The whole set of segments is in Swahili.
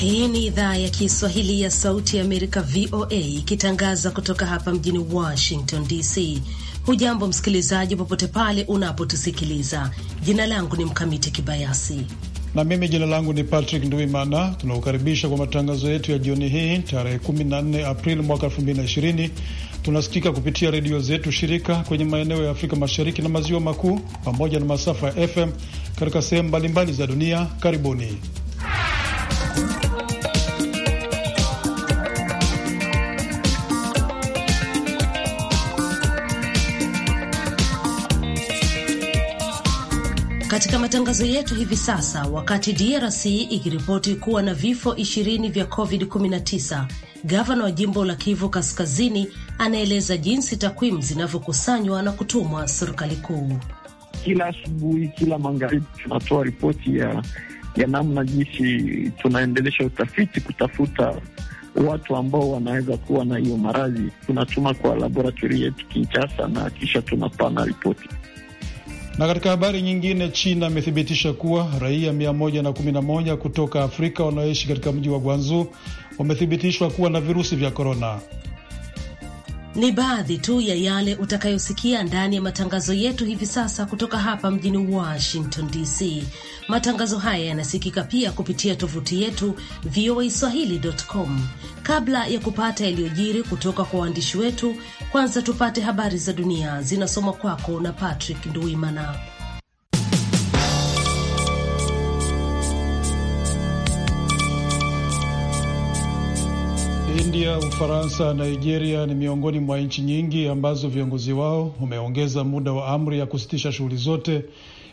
Hii ni idhaa ya Kiswahili ya Sauti ya Amerika, VOA, ikitangaza kutoka hapa mjini Washington DC. Hujambo msikilizaji, popote pale unapotusikiliza. Jina langu ni Mkamiti Kibayasi na mimi jina langu ni Patrick Nduimana. Tunakukaribisha kwa matangazo yetu ya jioni hii tarehe 14 Aprili mwaka 2020. Tunasikika kupitia redio zetu shirika kwenye maeneo ya Afrika Mashariki na Maziwa Makuu pamoja na masafa ya FM katika sehemu mbalimbali za dunia. Karibuni katika matangazo yetu hivi sasa. Wakati DRC ikiripoti kuwa na vifo ishirini vya COVID-19, gavana wa jimbo la Kivu Kaskazini anaeleza jinsi takwimu zinavyokusanywa na kutumwa serikali kuu. Kila asubuhi, kila magharibi tunatoa ripoti ya, ya namna jinsi tunaendelesha utafiti kutafuta watu ambao wanaweza kuwa na hiyo maradhi. Tunatuma kwa laboratori yetu Kinshasa na kisha tunapana ripoti. Na katika habari nyingine, China imethibitisha kuwa raia 111 kutoka Afrika wanaoishi katika mji wa Guangzhou wamethibitishwa kuwa na virusi vya korona. Ni baadhi tu ya yale utakayosikia ndani ya matangazo yetu hivi sasa kutoka hapa mjini Washington DC. Matangazo haya yanasikika pia kupitia tovuti yetu voa swahili.com. Kabla ya kupata yaliyojiri kutoka kwa waandishi wetu, kwanza tupate habari za dunia zinasomwa kwako na Patrick Nduimana. Italia, Ufaransa na Nigeria ni miongoni mwa nchi nyingi ambazo viongozi wao wameongeza muda wa amri ya kusitisha shughuli zote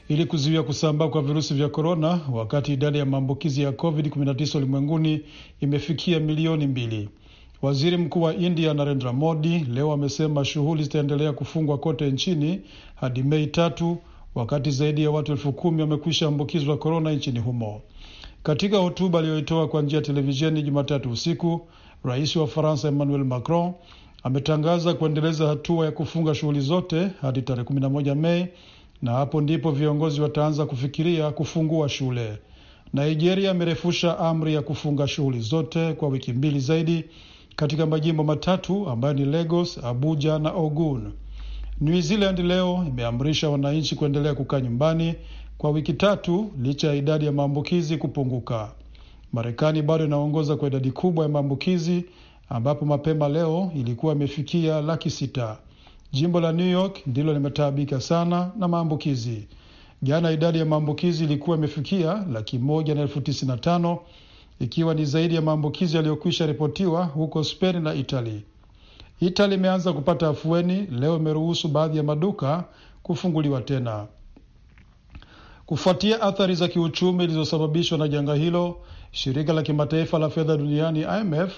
ili kuzuia kusambaa kwa virusi vya korona, wakati idadi ya maambukizi ya COVID-19 ulimwenguni imefikia milioni mbili. Waziri Mkuu wa India Narendra Modi leo amesema shughuli zitaendelea kufungwa kote nchini hadi Mei tatu, wakati zaidi ya watu elfu kumi wamekwisha ambukizwa korona nchini humo. Katika hotuba aliyoitoa kwa njia ya televisheni Jumatatu usiku, Rais wa Faransa Emmanuel Macron ametangaza kuendeleza hatua ya kufunga shughuli zote hadi tarehe moja Mei, na hapo ndipo viongozi wataanza kufikiria kufungua shule. Nigeria amerefusha amri ya kufunga shughuli zote kwa wiki mbili zaidi katika majimbo matatu ambayo ni Lagos, Abuja na Ogun. New Zealand leo imeamrisha wananchi kuendelea kukaa nyumbani kwa wiki tatu licha ya idadi ya maambukizi kupunguka. Marekani bado inaongoza kwa idadi kubwa ya maambukizi ambapo mapema leo ilikuwa imefikia laki sita. Jimbo la New York ndilo limetaabika sana na maambukizi. Jana idadi ya maambukizi ilikuwa imefikia laki moja na elfu tisini na tano ikiwa ni zaidi ya maambukizi yaliyokwisha ripotiwa huko Spain na Italy. Italy imeanza kupata afueni, leo imeruhusu baadhi ya maduka kufunguliwa tena kufuatia athari za kiuchumi zilizosababishwa na janga hilo. Shirika la kimataifa la fedha duniani IMF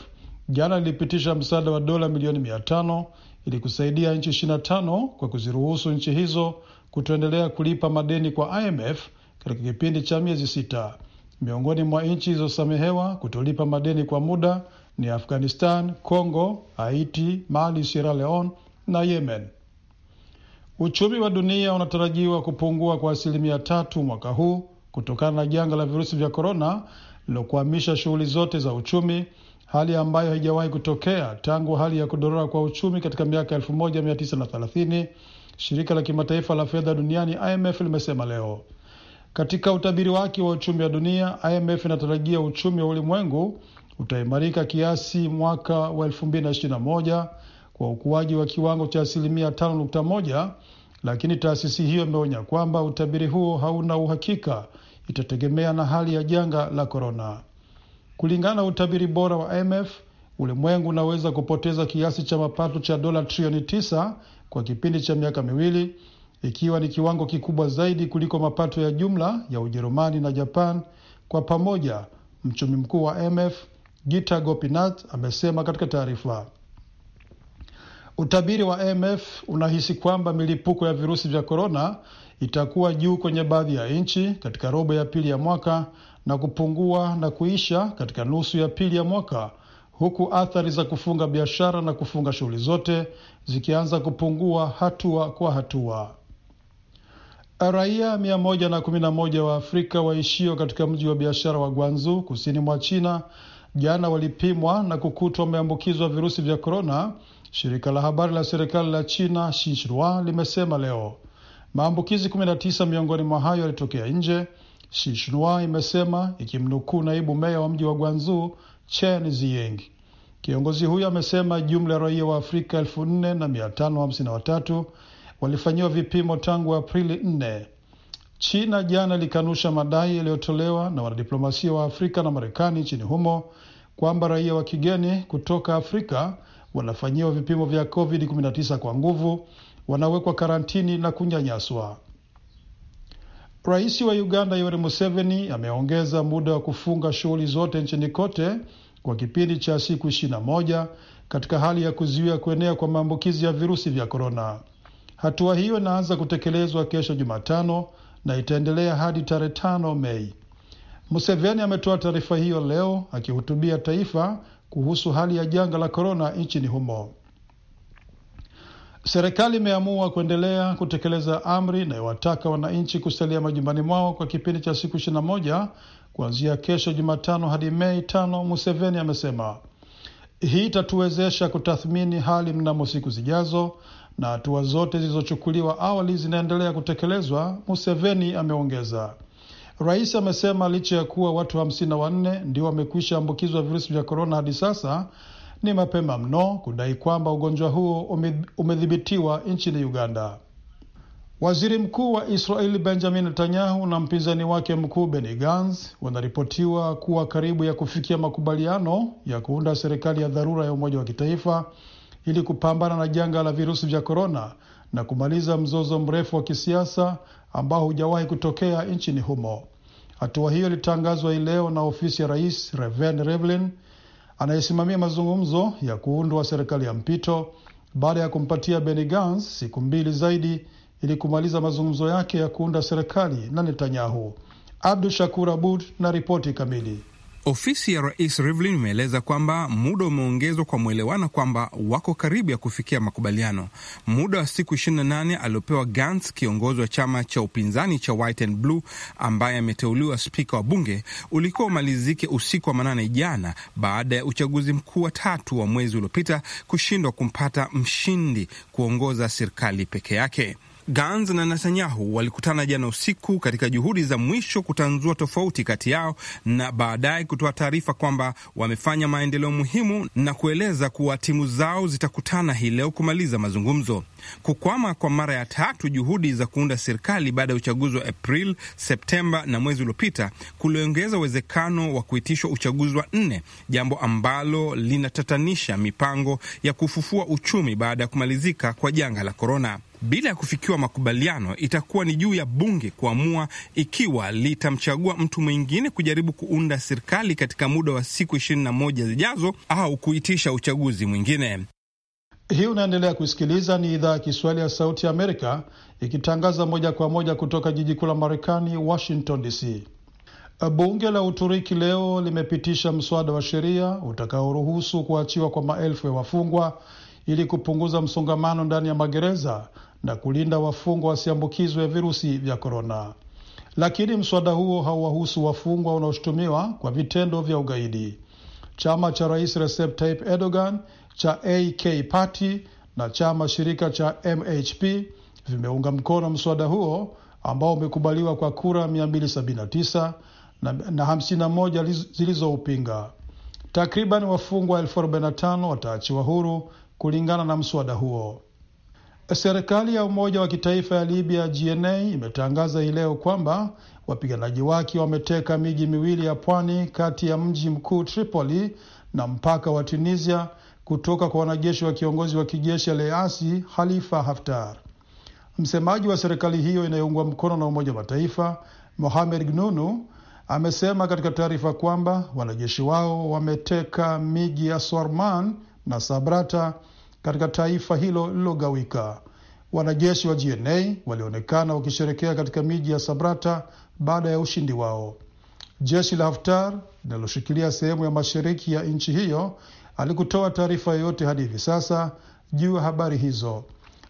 jana lilipitisha msaada wa dola milioni mia tano ili kusaidia nchi 25 na tano kwa kuziruhusu nchi hizo kutoendelea kulipa madeni kwa IMF katika kipindi cha miezi sita. Miongoni mwa nchi zilizosamehewa kutolipa madeni kwa muda ni Afghanistan, Congo, Haiti, Mali, Sierra Leone na Yemen. Uchumi wa dunia unatarajiwa kupungua kwa asilimia tatu mwaka huu kutokana na janga la virusi vya korona lilokwamisha shughuli zote za uchumi, hali ambayo haijawahi kutokea tangu hali ya kudorora kwa uchumi katika miaka 1930 shirika la kimataifa la fedha duniani IMF limesema leo. Katika utabiri wake wa uchumi wa dunia, IMF inatarajia uchumi wa ulimwengu utaimarika kiasi mwaka wa 2021 kwa ukuaji wa kiwango cha asilimia 5.1, lakini taasisi hiyo imeonya kwamba utabiri huo hauna uhakika itategemea na hali ya janga la korona. Kulingana na utabiri bora wa IMF, ulimwengu unaweza kupoteza kiasi cha mapato cha dola trilioni tisa kwa kipindi cha miaka miwili, ikiwa ni kiwango kikubwa zaidi kuliko mapato ya jumla ya Ujerumani na Japan kwa pamoja. Mchumi mkuu wa IMF Gita Gopinath amesema katika taarifa. Utabiri wa IMF unahisi kwamba milipuko ya virusi vya korona itakuwa juu kwenye baadhi ya nchi katika robo ya pili ya mwaka na kupungua na kuisha katika nusu ya pili ya mwaka, huku athari za kufunga biashara na kufunga shughuli zote zikianza kupungua hatua kwa hatua. Raia 111 wa Afrika waishio katika mji wa biashara wa Guangzhou kusini mwa China jana walipimwa na kukutwa wameambukizwa virusi vya korona Shirika la habari la serikali la China Shinhua limesema leo maambukizi 19 miongoni mwa hayo yalitokea nje. Shinhua imesema ikimnukuu naibu meya wa mji wa Guangzhou Chen Ziying. Kiongozi huyo amesema jumla ya raia wa Afrika 4553 na walifanyiwa vipimo tangu Aprili 4. China jana ilikanusha madai yaliyotolewa na wanadiplomasia wa Afrika na Marekani nchini humo kwamba raia wa kigeni kutoka Afrika wanafanyiwa vipimo vya COVID-19 kwa nguvu, wanawekwa karantini na kunyanyaswa. Rais wa Uganda Yoweri Museveni ameongeza muda wa kufunga shughuli zote nchini kote kwa kipindi cha siku 21 katika hali ya kuzuia kuenea kwa maambukizi ya virusi vya korona. Hatua hiyo inaanza kutekelezwa kesho Jumatano na itaendelea hadi tarehe 5 Mei. Museveni ametoa taarifa hiyo leo akihutubia taifa kuhusu hali ya janga la korona nchini humo. Serikali imeamua kuendelea kutekeleza amri inayowataka wananchi kusalia majumbani mwao kwa kipindi cha siku moja kuanzia kesho Jumatano hadi Mei tano, Museveni amesema. Hii itatuwezesha kutathmini hali mnamo siku zijazo na hatua zote zilizochukuliwa awali zinaendelea kutekelezwa, Museveni ameongeza. Rais amesema licha ya kuwa watu hamsini na wanne ndio wamekwisha ambukizwa virusi vya korona hadi sasa, ni mapema mno kudai kwamba ugonjwa huo umedhibitiwa nchini Uganda. Waziri mkuu wa Israeli Benjamin Netanyahu na mpinzani wake mkuu Benny Gantz wanaripotiwa kuwa karibu ya kufikia makubaliano ya kuunda serikali ya dharura ya umoja wa kitaifa ili kupambana na janga la virusi vya korona na kumaliza mzozo mrefu wa kisiasa ambao hujawahi kutokea nchini humo. Hatua hiyo ilitangazwa hii leo na ofisi ya rais Reven revlin anayesimamia mazungumzo ya kuundwa serikali ya mpito baada ya kumpatia Benny Gantz siku mbili zaidi ili kumaliza mazungumzo yake ya kuunda serikali na Netanyahu. Abdu Shakur Abud na ripoti kamili. Ofisi ya rais Rivlin imeeleza kwamba muda umeongezwa kwa mwelewana kwamba wako karibu ya kufikia makubaliano. Muda wa siku 28 aliopewa Gantz, kiongozi wa chama cha upinzani cha White and Blue ambaye ameteuliwa spika wa bunge, ulikuwa umalizike usiku wa manane jana, baada ya uchaguzi mkuu wa tatu wa mwezi uliopita kushindwa kumpata mshindi kuongoza serikali peke yake. Gans na Netanyahu walikutana jana usiku katika juhudi za mwisho kutanzua tofauti kati yao na baadaye kutoa taarifa kwamba wamefanya maendeleo muhimu na kueleza kuwa timu zao zitakutana hii leo kumaliza mazungumzo. Kukwama kwa mara ya tatu juhudi za kuunda serikali baada ya uchaguzi wa april Septemba na mwezi uliopita kuliongeza uwezekano wa kuitishwa uchaguzi wa nne, jambo ambalo linatatanisha mipango ya kufufua uchumi baada ya kumalizika kwa janga la korona bila ya kufikiwa makubaliano, itakuwa ni juu ya bunge kuamua ikiwa litamchagua mtu mwingine kujaribu kuunda serikali katika muda wa siku ishirini na moja zijazo au kuitisha uchaguzi mwingine. Hii unaendelea kusikiliza, ni idhaa ya Kiswahili ya Sauti ya Amerika ikitangaza moja kwa moja kutoka jiji kuu la Marekani, Washington DC. Bunge la Uturuki leo limepitisha mswada wa sheria utakaoruhusu kuachiwa kwa maelfu ya wafungwa ili kupunguza msongamano ndani ya magereza na kulinda wafungwa wasiambukizwe virusi vya korona, lakini mswada huo hauwahusu wafungwa wanaoshutumiwa kwa vitendo vya ugaidi. Chama cha rais Recep Tayyip Erdogan cha AK Party na chama shirika cha MHP vimeunga mkono mswada huo ambao umekubaliwa kwa kura 279 na, na 51 zilizoupinga. Takriban wafungwa elfu wataachiwa huru kulingana na mswada huo. Serikali ya umoja wa kitaifa ya Libya GNA imetangaza hii leo kwamba wapiganaji wake wameteka miji miwili ya pwani kati ya mji mkuu Tripoli na mpaka wa Tunisia kutoka kwa wanajeshi wa kiongozi wa kijeshi aliyeasi Khalifa Haftar. Msemaji wa serikali hiyo inayoungwa mkono na Umoja wa Mataifa Mohamed Gnunu amesema katika taarifa kwamba wanajeshi wao wameteka miji ya Sorman na Sabrata katika taifa hilo lilogawika Wanajeshi wa GNA walionekana wakisherekea katika miji ya Sabrata baada ya ushindi wao. Jeshi la Haftar linaloshikilia sehemu ya mashariki ya nchi hiyo alikutoa taarifa yoyote hadi hivi sasa juu ya habari hizo.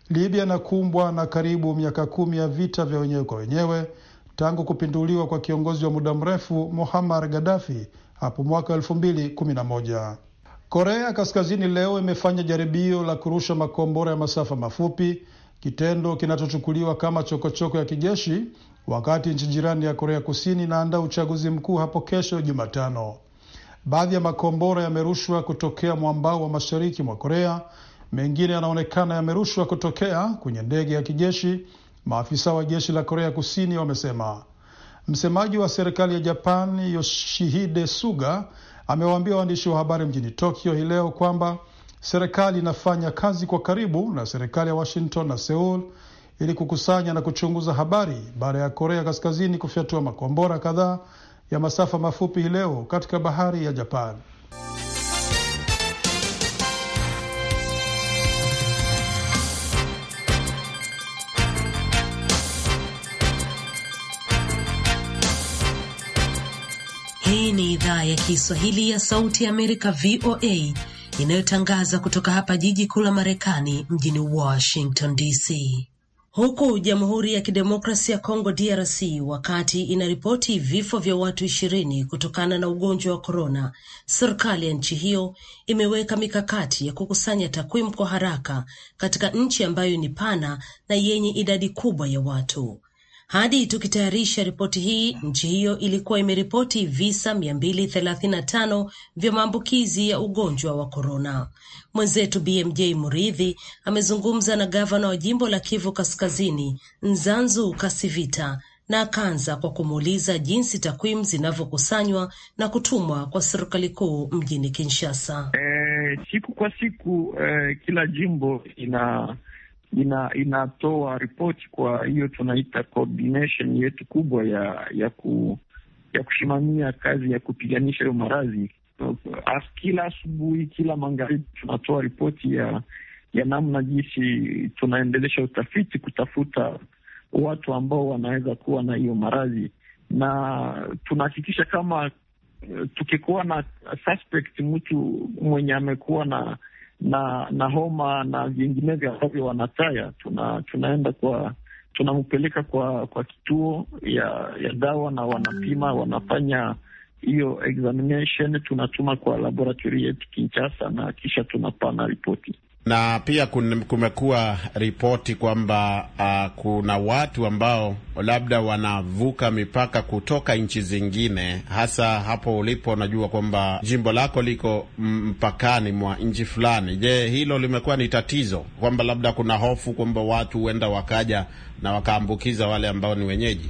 Libya inakumbwa na karibu miaka kumi ya vita vya wenyewe kwa wenyewe tangu kupinduliwa kwa kiongozi wa muda mrefu muhammar Gaddafi hapo mwaka 211 Korea Kaskazini leo imefanya jaribio la kurusha makombora ya masafa mafupi, kitendo kinachochukuliwa kama chokochoko ya kijeshi, wakati nchi jirani ya Korea Kusini inaandaa uchaguzi mkuu hapo kesho Jumatano. Baadhi ya makombora yamerushwa kutokea mwambao wa mashariki mwa Korea, mengine yanaonekana yamerushwa kutokea kwenye ndege ya kijeshi, maafisa wa jeshi la Korea Kusini wamesema. Msemaji wa serikali ya Japan Yoshihide Suga amewaambia waandishi wa habari mjini Tokyo hii leo kwamba serikali inafanya kazi kwa karibu na serikali ya Washington na Seul ili kukusanya na kuchunguza habari baada ya Korea Kaskazini kufyatua makombora kadhaa ya masafa mafupi hii leo katika bahari ya Japan. Hii ni idhaa ya Kiswahili ya Sauti ya Amerika, VOA, inayotangaza kutoka hapa jiji kuu la Marekani, mjini Washington DC. Huku Jamhuri ya Kidemokrasia ya Kongo, DRC, wakati inaripoti vifo vya watu ishirini kutokana na ugonjwa wa korona, serikali ya nchi hiyo imeweka mikakati ya kukusanya takwimu kwa haraka katika nchi ambayo ni pana na yenye idadi kubwa ya watu. Hadi tukitayarisha ripoti hii, nchi hiyo ilikuwa imeripoti visa mia mbili na tano vya maambukizi ya ugonjwa wa korona. Mwenzetu BMJ Muridhi amezungumza na gavana wa jimbo la Kivu Kaskazini, Nzanzu Kasivita, na akaanza kwa kumuuliza jinsi takwimu zinavyokusanywa na kutumwa kwa serikali kuu mjini Kinshasa. Eh, siku kwa siku eh, kila jimbo ina ina, inatoa ripoti. Kwa hiyo tunaita coordination yetu kubwa ya ya ku, ya kusimamia kazi ya kupiganisha hiyo maradhi. Kila asubuhi, kila magharibi tunatoa ripoti ya ya namna jinsi tunaendelesha utafiti kutafuta watu ambao wanaweza kuwa na hiyo maradhi, na tunahakikisha kama eh, tukikuwa na suspect, mtu mwenye amekuwa na na na homa na vinginevyo ambavyo wanataya, tuna, tunaenda kwa tunampeleka kwa kwa kituo ya ya dawa na wanapima, wanafanya hiyo examination, tunatuma kwa laboratory yetu Kinshasa na kisha tunapana ripoti na pia kumekuwa ripoti kwamba uh, kuna watu ambao labda wanavuka mipaka kutoka nchi zingine, hasa hapo ulipo. Unajua kwamba jimbo lako liko mpakani mwa nchi fulani. Je, hilo limekuwa ni tatizo kwamba labda kuna hofu kwamba watu huenda wakaja na wakaambukiza wale ambao ni wenyeji?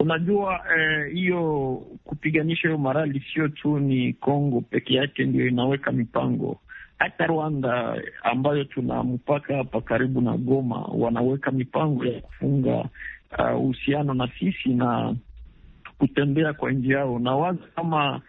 Unajua eh, hiyo eh, kupiganisha hiyo marali sio tu ni Kongo peke yake ndio inaweka mipango hata Rwanda ambayo tuna mpaka hapa karibu na Goma wanaweka mipango ya kufunga uh, uhusiano na sisi na kutembea kwa nji yao na waza kama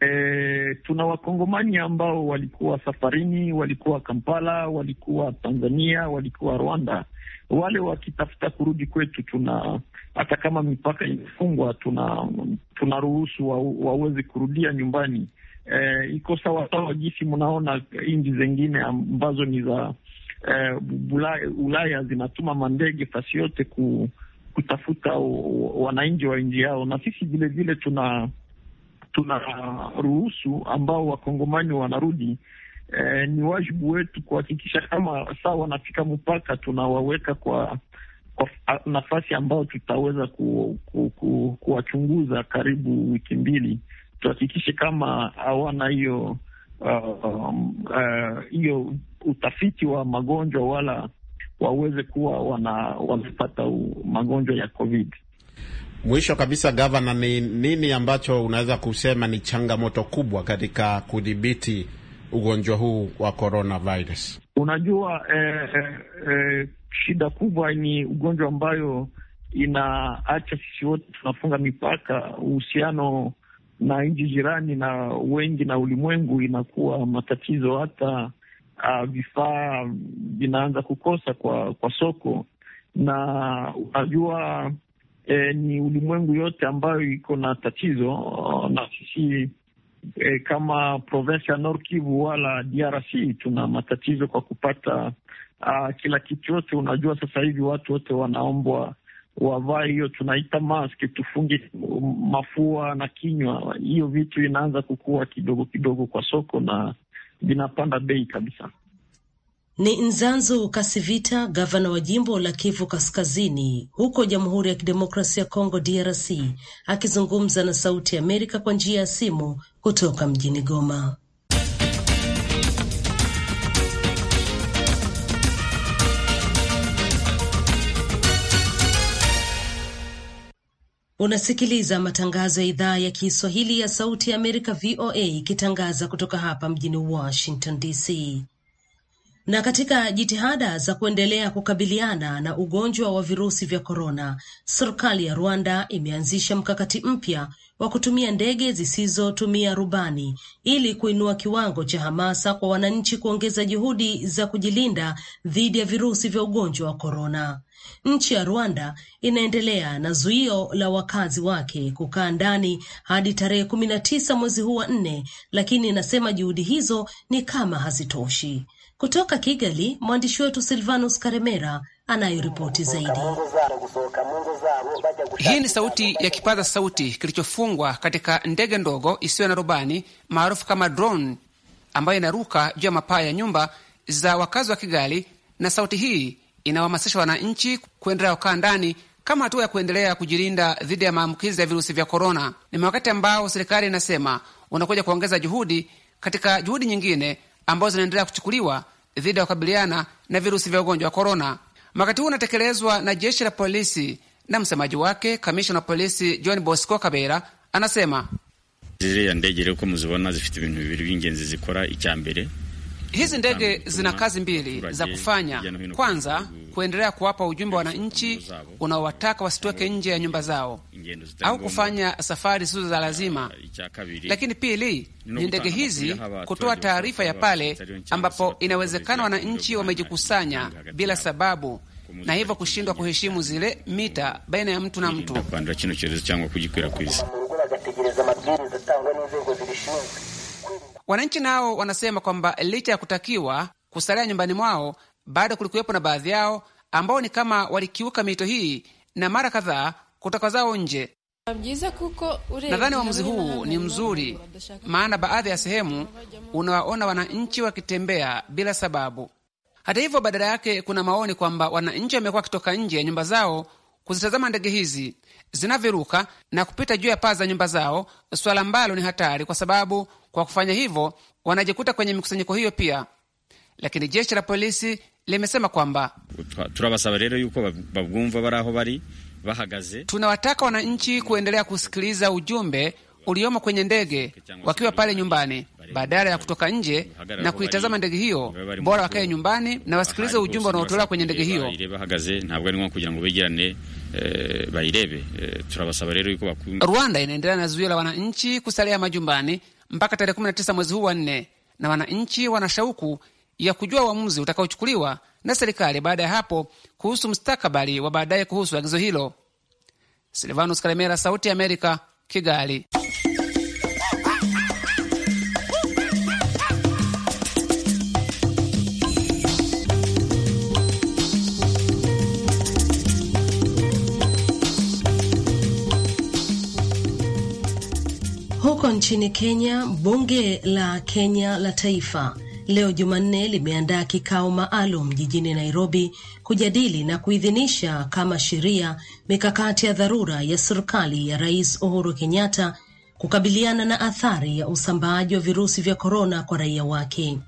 e, tuna wakongomani ambao walikuwa safarini, walikuwa Kampala, walikuwa Tanzania, walikuwa Rwanda. Wale wakitafuta kurudi kwetu, tuna hata kama mipaka imefungwa, tuna tunaruhusu wa, waweze kurudia nyumbani eh, iko sawasawa jinsi mnaona nchi zengine ambazo ni za eh, Ulaya zinatuma mandege fasi yote ku, kutafuta wananchi wa nchi yao, na sisi vilevile tuna ruhusu ambao wakongomani wanarudi eh, ni wajibu wetu kuhakikisha kama saa wanafika mpaka tunawaweka kwa kwa nafasi ambayo tutaweza ku, ku, ku, kuwachunguza karibu wiki mbili tuhakikishe kama hawana hiyo uh, um, uh, hiyo uh, uh, utafiti wa magonjwa wala waweze kuwa wana wamepata magonjwa ya COVID. Mwisho kabisa, gavana, ni nini ambacho unaweza kusema ni changamoto kubwa katika kudhibiti ugonjwa huu wa coronavirus? Unajua eh, eh, eh shida kubwa ni ugonjwa ambayo inaacha sisi wote tunafunga mipaka, uhusiano na nchi jirani na wengi na ulimwengu, inakuwa matatizo. Hata uh, vifaa vinaanza kukosa kwa kwa soko, na unajua eh, ni ulimwengu yote ambayo iko na tatizo uh, na sisi eh, kama provinsi ya Nord Kivu wala DRC tuna matatizo kwa kupata uh, kila kitu yote. Unajua sasa hivi watu wote wanaombwa wavae hiyo tunaita mask, tufunge mafua na kinywa. Hiyo vitu inaanza kukua kidogo kidogo kwa soko na vinapanda bei kabisa. Ni Nzanzu Kasivita, gavana wa jimbo la Kivu Kaskazini huko Jamhuri ya Kidemokrasia ya Kongo, DRC, akizungumza na Sauti ya Amerika kwa njia ya simu kutoka mjini Goma. Unasikiliza matangazo ya idhaa ya Kiswahili ya Sauti ya Amerika, VOA, ikitangaza kutoka hapa mjini Washington DC. Na katika jitihada za kuendelea kukabiliana na ugonjwa wa virusi vya korona, serikali ya Rwanda imeanzisha mkakati mpya wa kutumia ndege zisizotumia rubani ili kuinua kiwango cha hamasa kwa wananchi kuongeza juhudi za kujilinda dhidi ya virusi vya ugonjwa wa korona. Nchi ya Rwanda inaendelea na zuio la wakazi wake kukaa ndani hadi tarehe kumi na tisa mwezi huu wa nne, lakini inasema juhudi hizo ni kama hazitoshi. Kutoka Kigali, mwandishi wetu Silvanus Karemera anayoripoti zaidi. Hii ni sauti ya kipaza sauti kilichofungwa katika ndege ndogo isiyo na rubani maarufu kama drone, ambayo inaruka juu ya mapaa ya nyumba za wakazi wa Kigali, na sauti hii inawahamasisha wananchi kuendelea kukaa ndani kama hatua ya kuendelea kujilinda dhidi ya maambukizi ya virusi vya korona. Ni wakati ambao serikali inasema unakuja kuongeza juhudi katika juhudi nyingine ambazo zinaendelea kuchukuliwa dhidi ya kukabiliana na virusi vya ugonjwa wa korona. Wakati huu unatekelezwa na jeshi la polisi, na msemaji wake kamishna wa polisi John Bosco Kabera anasema ziriya ndege rero ko muzibona zifite ibintu bibiri by'ingenzi zikora icya mbere Hizi ndege zina kazi mbili za kufanya. Kwanza, kuendelea kuwapa ujumbe wananchi unaowataka wasitoke nje ya nyumba zao au kufanya safari zisizo za lazima, lakini pili ni ndege hizi kutoa taarifa ya pale ambapo inawezekana wananchi wamejikusanya bila sababu na hivyo kushindwa kuheshimu zile mita baina ya mtu na mtu. Wananchi nao wanasema kwamba licha ya kutakiwa kusalia nyumbani mwao, bado kulikuwepo na baadhi yao ambao ni kama walikiuka miito hii na mara kadhaa kutoka zao nje. Nadhani uamuzi huu ni mzuri, maana baadhi ya sehemu unawaona wananchi wakitembea bila sababu. Hata hivyo, badala yake kuna maoni kwamba wananchi wamekuwa wakitoka nje ya nyumba zao kuzitazama ndege hizi zinavyoruka na kupita juu ya paa za nyumba zao, swala ambalo ni hatari kwa sababu kwa kufanya hivyo, wanajikuta kwenye mikusanyiko hiyo pia. Lakini jeshi la polisi limesema kwamba turabasaba rero yuko babwumva baraho bari bahagaze. Tunawataka wananchi kuendelea kusikiliza ujumbe uliomo kwenye ndege wakiwa pale nyumbani, badala ya kutoka nje na kuitazama ndege hiyo. Bora wakae nyumbani na wasikilize ujumbe unaotolewa kwenye ndege hiyo. Eh, eh, Rwanda inaendelea na zuio la wananchi kusalia majumbani mpaka tarehe 19 mwezi huu wa nne, na wananchi wana shauku ya kujua uamuzi utakaochukuliwa na serikali baada ya hapo kuhusu mstakabali wa baadaye kuhusu agizo hilo. Silvanus Karemera, Sauti ya Amerika, Kigali. nchini Kenya. Bunge la Kenya la Taifa leo Jumanne limeandaa kikao maalum jijini Nairobi kujadili na kuidhinisha kama sheria mikakati ya dharura ya serikali ya Rais Uhuru Kenyatta kukabiliana na athari ya usambaaji wa virusi vya korona kwa raia wake.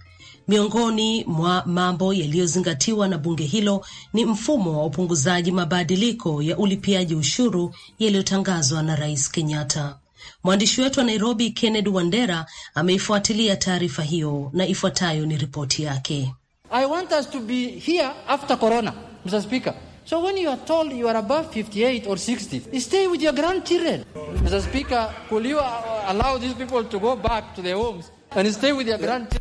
Miongoni mwa mambo yaliyozingatiwa na bunge hilo ni mfumo wa upunguzaji mabadiliko ya ulipiaji ushuru yaliyotangazwa na Rais Kenyatta. Mwandishi wetu wa Nairobi, Kennedy Wandera, ameifuatilia taarifa hiyo na ifuatayo ni ripoti yake. I want us to be here after corona, Mr. Speaker. So when you are told you are above 58 or 60, stay with your grandchildren. Mr. Speaker, you allow these people to go back to their homes?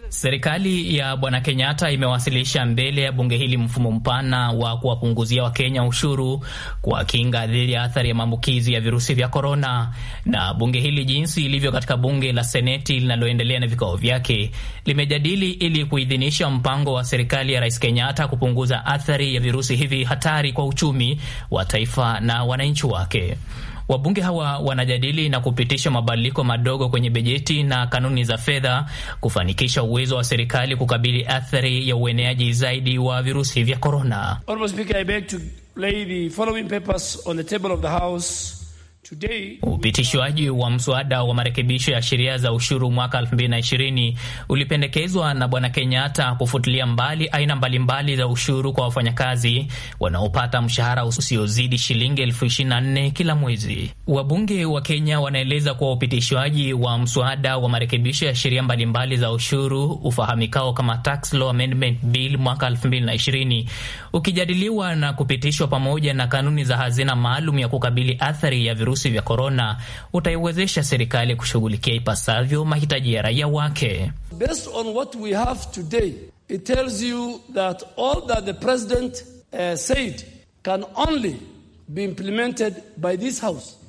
Serikali ya Bwana Kenyatta imewasilisha mbele ya bunge hili mfumo mpana wa kuwapunguzia Wakenya ushuru kwa kinga dhidi ya athari ya maambukizi ya virusi vya korona. Na bunge hili jinsi ilivyo katika bunge la Seneti linaloendelea na vikao vyake, limejadili ili kuidhinisha mpango wa serikali ya Rais Kenyatta kupunguza athari ya virusi hivi hatari kwa uchumi wa taifa na wananchi wake. Wabunge hawa wanajadili na kupitisha mabadiliko madogo kwenye bajeti na kanuni za fedha kufanikisha uwezo wa serikali kukabili athari ya ueneaji zaidi wa virusi vya korona. Upitishwaji wa mswada wa marekebisho ya sheria za ushuru mwaka 2020 ulipendekezwa na Bwana Kenyatta kufutilia mbali aina mbalimbali za ushuru kwa wafanyakazi wanaopata mshahara usiozidi shilingi elfu kila mwezi. Wabunge wa Kenya wanaeleza kuwa upitishwaji wa mswada wa marekebisho ya sheria mbalimbali za ushuru ufahamikao kama Tax Law Amendment Bill mwaka 2020 ukijadiliwa na kupitishwa pamoja na kanuni za hazina maalum ya kukabili athari ya virusi virusi vya korona utaiwezesha serikali kushughulikia ipasavyo mahitaji ya raia wake. Based on what we have today, it tells you that all that the president uh, said can only be implemented by this house.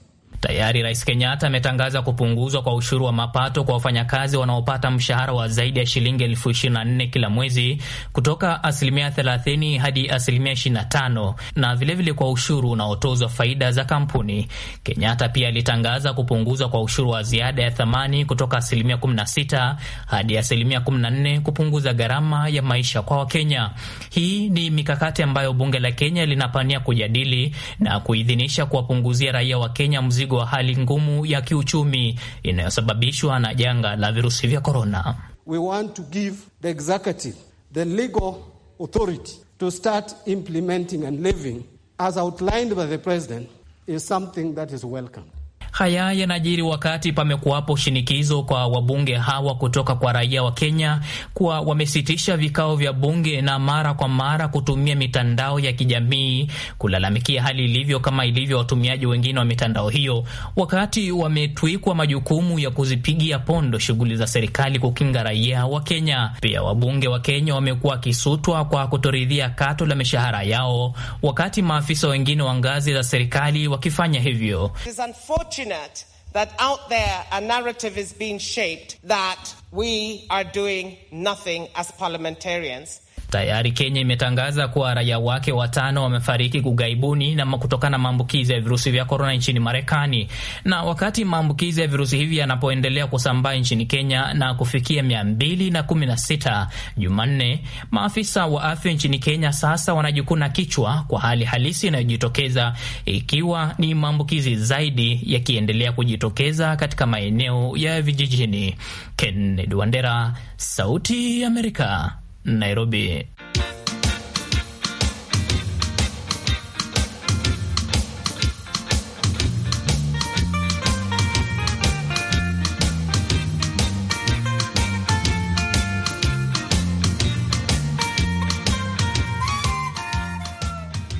Tayari Rais Kenyatta ametangaza kupunguzwa kwa ushuru wa mapato kwa wafanyakazi wanaopata mshahara wa zaidi ya shilingi elfu ishirini na nne kila mwezi kutoka asilimia 30 hadi asilimia 25, na vilevile vile kwa ushuru unaotozwa faida za kampuni. Kenyatta pia alitangaza kupunguzwa kwa ushuru wa ziada ya thamani kutoka asilimia 16 hadi asilimia 14, kupunguza gharama ya maisha kwa Wakenya. Hii ni mikakati ambayo bunge la Kenya linapania kujadili na kuidhinisha kuwapunguzia raia wa Kenya mzigo mzigo wa hali ngumu ya kiuchumi inayosababishwa na janga la virusi vya korona. We want to give the executive the legal authority to start implementing and living as outlined by the president is something that is welcome. Haya yanajiri wakati pamekuwapo shinikizo kwa wabunge hawa kutoka kwa raia wa Kenya kuwa wamesitisha vikao vya bunge na mara kwa mara kutumia mitandao ya kijamii kulalamikia hali ilivyo, kama ilivyo watumiaji wengine wa mitandao hiyo, wakati wametwikwa majukumu ya kuzipigia pondo shughuli za serikali kukinga raia wa Kenya. Pia wabunge wa Kenya wamekuwa wakisutwa kwa kutoridhia kato la mishahara yao, wakati maafisa wengine wa ngazi za serikali wakifanya hivyo. It is fortunate that out there a narrative is being shaped that we are doing nothing as parliamentarians. Tayari Kenya imetangaza kuwa raia wake watano wamefariki kugaibuni na kutokana na maambukizi ya virusi vya korona nchini Marekani. Na wakati maambukizi ya virusi hivi yanapoendelea kusambaa nchini Kenya na kufikia mia mbili na kumi na sita Jumanne, maafisa wa afya nchini Kenya sasa wanajikuna kichwa kwa hali halisi inayojitokeza ikiwa ni maambukizi zaidi yakiendelea kujitokeza katika maeneo ya vijijini. Kennedy Wandera, Sauti ya Amerika. Nairobi.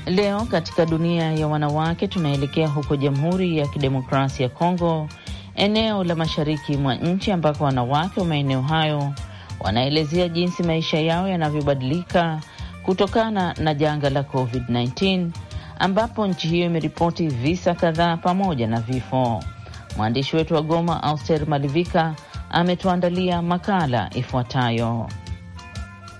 Leo katika dunia ya wanawake tunaelekea huko Jamhuri ya Kidemokrasia ya Kongo, eneo la mashariki mwa nchi ambako wanawake wa maeneo hayo wanaelezea jinsi maisha yao yanavyobadilika kutokana na janga la COVID-19 ambapo nchi hiyo imeripoti visa kadhaa pamoja na vifo. Mwandishi wetu wa Goma, Auster Malivika, ametuandalia makala ifuatayo.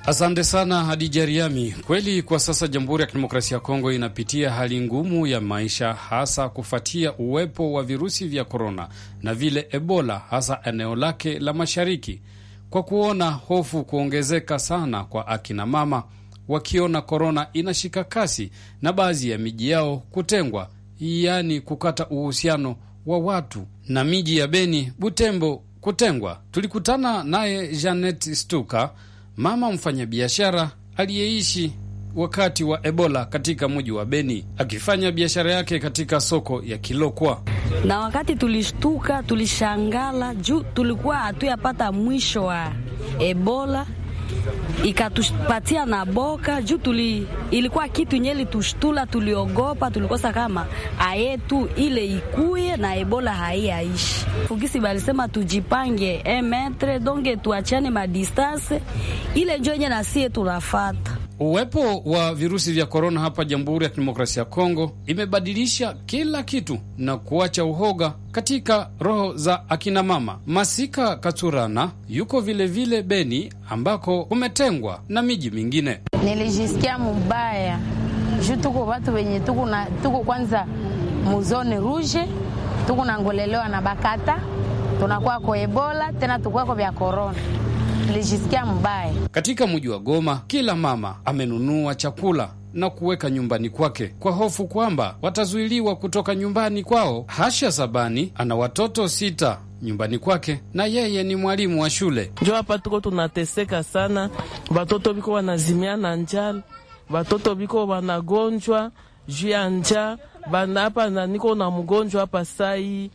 Asante sana Hadija Riami. Kweli kwa sasa Jamhuri ya Kidemokrasia ya Kongo inapitia hali ngumu ya maisha, hasa kufuatia uwepo wa virusi vya korona na vile Ebola, hasa eneo lake la mashariki kwa kuona hofu kuongezeka sana kwa akina mama wakiona korona inashika kasi na baadhi ya miji yao kutengwa, yaani kukata uhusiano wa watu na miji ya Beni, Butembo kutengwa. Tulikutana naye Janet Stuka, mama mfanyabiashara aliyeishi wakati wa Ebola katika mji wa Beni akifanya biashara yake katika soko ya Kilokwa. Na wakati tulishtuka, tulishangala juu tulikuwa hatuyapata mwisho wa Ebola ikatupatia na boka juu tuli, ilikuwa kitu nye litushitula, tuliogopa, tulikosa kama ayetu ile ikuye na ebola haiyaishi. Fugisi balisema tujipange emetre donge tuachane madistanse ile njo enye nasie tunafata Uwepo wa virusi vya korona hapa Jamhuri ya Kidemokrasia ya Kongo imebadilisha kila kitu na kuacha uhoga katika roho za akina mama. Masika katurana yuko vilevile vile Beni ambako umetengwa na miji mingine. Nilijisikia mubaya juu tuko watu wenye tuko na tuko kwanza muzone ruje tuko nangolelewa na bakata kwa ebola tena tukwako vya korona nilijisikia mbaya. Katika mji wa Goma, kila mama amenunua chakula na kuweka nyumbani kwake kwa hofu kwamba watazuiliwa kutoka nyumbani kwao. Hasha Sabani ana watoto sita nyumbani kwake na yeye ni mwalimu wa shule. Njo hapa tuko tunateseka sana, watoto viko wanazimia na njala, watoto viko wanagonjwa juu ya njaa, hapa niko na mgonjwa hapa sai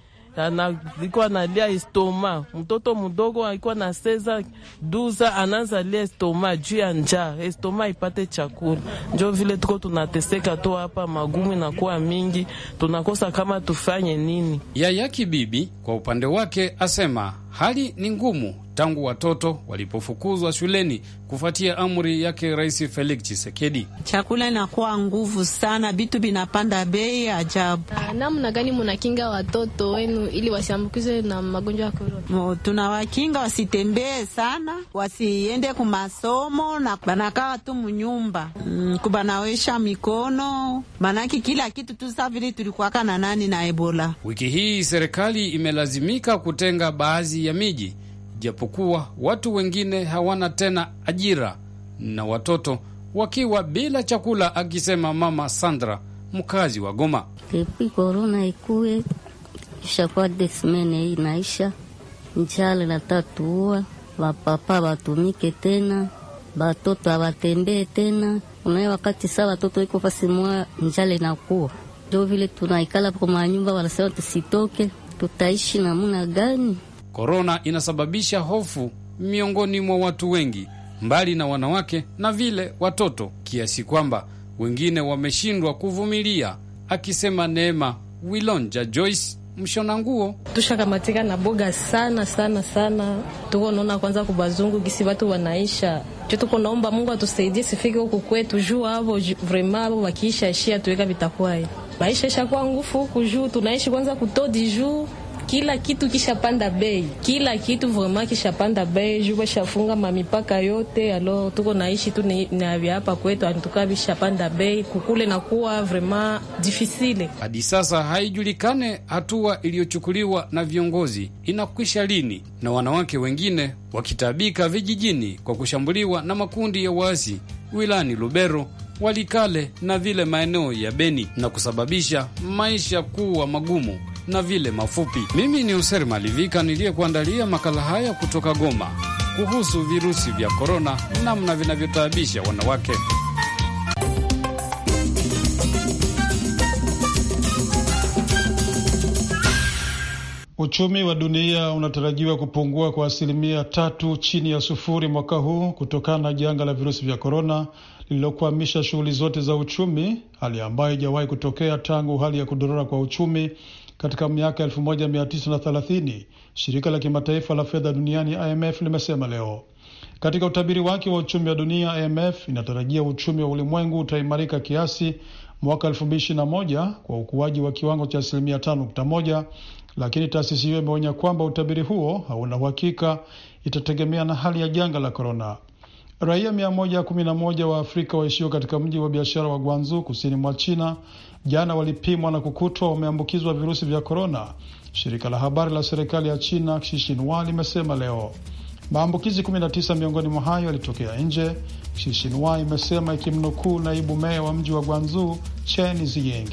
anaikuwa na, estoma. Mtoto mdogo aikuwa na seza duza, anaanza lia estoma juu ya njaa, estoma ipate chakula. Njo vile tuko tunateseka tu hapa, magumu inakuwa mingi, tunakosa kama tufanye nini. Yayaki bibi kwa upande wake asema hali ni ngumu tangu watoto walipofukuzwa shuleni kufuatia amri yake Rais Felix chisekedi Chakula inakuwa nguvu sana, vitu vinapanda bei ajabu. Ah, namna gani munakinga watoto wenu ili wasiambukizwe na magonjwa ya korona? Tunawakinga wasitembee sana, wasiende kumasomo na banakaa tu munyumba mm, kubanawesha mikono, manake kila kitu tu savili tulikuwaka na nani na Ebola. Wiki hii serikali imelazimika kutenga baadhi ya miji japokuwa watu wengine hawana tena ajira na watoto wakiwa bila chakula, akisema Mama Sandra, mkazi wa Goma. Depi korona ikuwe ishakuwa desimene hii naisha, njala natatuua wapapa watumike tena, batoto awatembee tena. Unaye wakati saa watoto iko fasi moya, njala inakuwa ndio vile tunaikala kwa manyumba, wanasema tusitoke, tutaishi namuna gani? korona inasababisha hofu miongoni mwa watu wengi, mbali na wanawake na vile watoto, kiasi kwamba wengine wameshindwa kuvumilia, akisema Neema Wilonja Joyce mshona nguo tushakamatika na boga sana sana sana, tuko naona kwanza kubazungu gisi watu wanaisha cho, tuko naomba Mungu atusaidie sifike huku kwetu juu avo vrema avo wakiisha ishia tuweka vitakuwaye maisha ishakuwa ngufu huku juu tunaishi kwanza kutodi juu kila kitu kishapanda bei, kila kitu vrema kishapanda bei, juu bashafunga mamipaka yote. Alo tuko naishi tu navya hapa kwetu, antuka vishapanda bei kukule na kuwa vraiment difficile. Hadi sasa haijulikane hatua iliyochukuliwa na viongozi inakwisha lini, na wanawake wengine wakitabika vijijini kwa kushambuliwa na makundi ya waasi wilani Lubero Walikale na vile maeneo ya Beni na kusababisha maisha kuwa magumu na vile mafupi. Mimi ni Useri Malivika niliyekuandalia makala haya kutoka Goma kuhusu virusi vya korona, namna vinavyotaabisha wanawake. Uchumi wa dunia unatarajiwa kupungua kwa asilimia tatu chini ya sufuri mwaka huu kutokana na janga la virusi vya korona lililokwamisha shughuli zote za uchumi, hali ambayo haijawahi kutokea tangu hali ya kudorora kwa uchumi katika miaka 1930 shirika la kimataifa la fedha duniani IMF limesema leo. Katika utabiri wake wa uchumi wa dunia, IMF inatarajia uchumi wa ulimwengu utaimarika kiasi mwaka 2021 kwa ukuaji wa kiwango cha asilimia 5.1, lakini taasisi hiyo imeonya kwamba utabiri huo hauna uhakika, itategemea na hali ya janga la korona. Raia 111 wa Afrika waishio katika mji wa biashara wa Guangzhou kusini mwa China jana walipimwa na kukutwa wameambukizwa virusi vya korona, shirika la habari la serikali ya China shishinwa limesema leo. Maambukizi 19 miongoni mwa hayo yalitokea nje, shishinwa imesema ikimnukuu naibu meya wa mji wa Guangzhou Chen Ziying.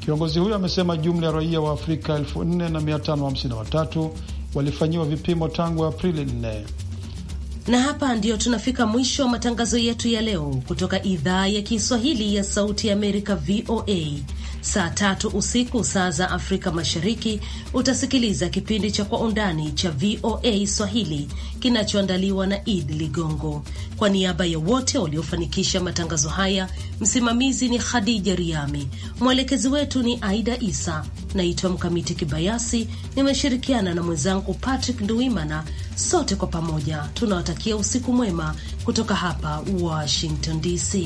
Kiongozi huyo amesema jumla ya raia wa Afrika 4553 walifanyiwa vipimo tangu Aprili 4. Na hapa ndiyo tunafika mwisho wa matangazo yetu ya leo kutoka idhaa ya Kiswahili ya Sauti ya Amerika, VOA. Saa tatu usiku saa za Afrika Mashariki utasikiliza kipindi cha Kwa Undani cha VOA Swahili kinachoandaliwa na Id Ligongo. Kwa niaba ya wote waliofanikisha matangazo haya, msimamizi ni Khadija Riami, mwelekezi wetu ni Aida Isa. Naitwa Mkamiti Kibayasi, nimeshirikiana na mwenzangu Patrick Nduimana. Sote kwa pamoja tunawatakia usiku mwema kutoka hapa Washington DC.